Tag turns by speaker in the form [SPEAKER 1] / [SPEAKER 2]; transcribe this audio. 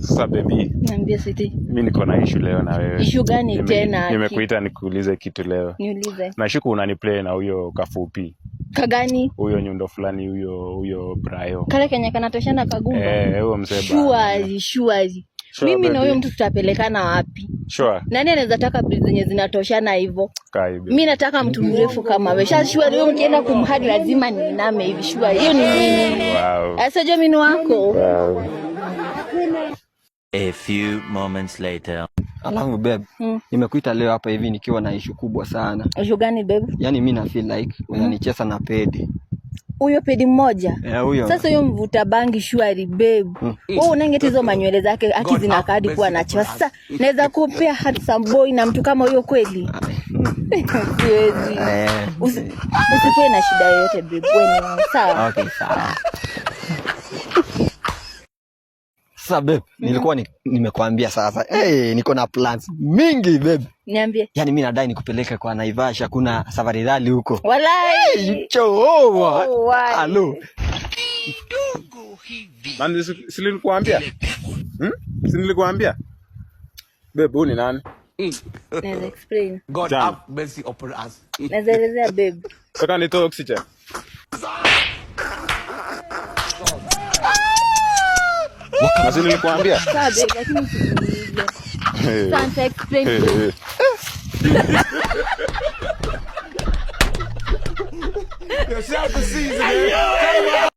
[SPEAKER 1] Sasa bebi,
[SPEAKER 2] niambie siti.
[SPEAKER 1] Mimi niko na issue leo na wewe.
[SPEAKER 2] Issue gani nime, tena?
[SPEAKER 1] Nimekuita nikuulize kitu leo. Niulize. Nashuku unaniplay na huyo kafupi. Kagani? Huyo nyundo fulani huyo huyo Brayo.
[SPEAKER 2] Kale kenye kanatoshana kagumba.
[SPEAKER 1] Eh, huyo mzee
[SPEAKER 2] bana. Sure, sure. Sure, mimi na huyo mtu tutapelekana wapi? Sure. Nani anaweza taka zenye zinatoshana hivyo? Mimi nataka mtu mrefu kama wewe. Sasa sure wewe mkienda kumhadi lazima niiname hivi sure. Hiyo ni
[SPEAKER 1] nini? Wow.
[SPEAKER 2] Eh, Sasa je, wako? Wow.
[SPEAKER 1] A few moments later. Alafu babe, hmm. Nimekuita leo hapa hivi nikiwa na ishu kubwa sana.
[SPEAKER 2] Ishu gani babe?
[SPEAKER 1] Yaani mimi na feel like unanicheza hmm. na pedi
[SPEAKER 2] huyo pedi mmoja Eh, yeah, huyo. sasa huyo mvuta bangi shwari babe, hmm. wewe mm. unangeti tizo manywele zake aki zinakadi kuwa nacho. Sasa naweza kupea handsome boy na mtu kama huyo kweli? Siwezi. Hmm. Usikuwe na shida yoyote babe, wewe ni sawa.
[SPEAKER 1] Okay, sawa Sasa babe, mm. nilikuwa ni, nimekwambia sasa. Hey, niko na plans mingi babe. Niambie. Yani mimi nadai nikupeleke kwa Naivasha kuna safari rally huko. Walai. Hey, choa. Oh, Halo. Mimi si nilikuambia? Hmm? Si nilikuambia? Babe, huni nani? Mm.
[SPEAKER 2] Naweza explain.
[SPEAKER 1] God have mercy
[SPEAKER 2] upon us. Naelezea babe.
[SPEAKER 1] Sasa ni toxic. Nasi nilikuambia.
[SPEAKER 2] Sasa explain. Yo, shout out to Caesar.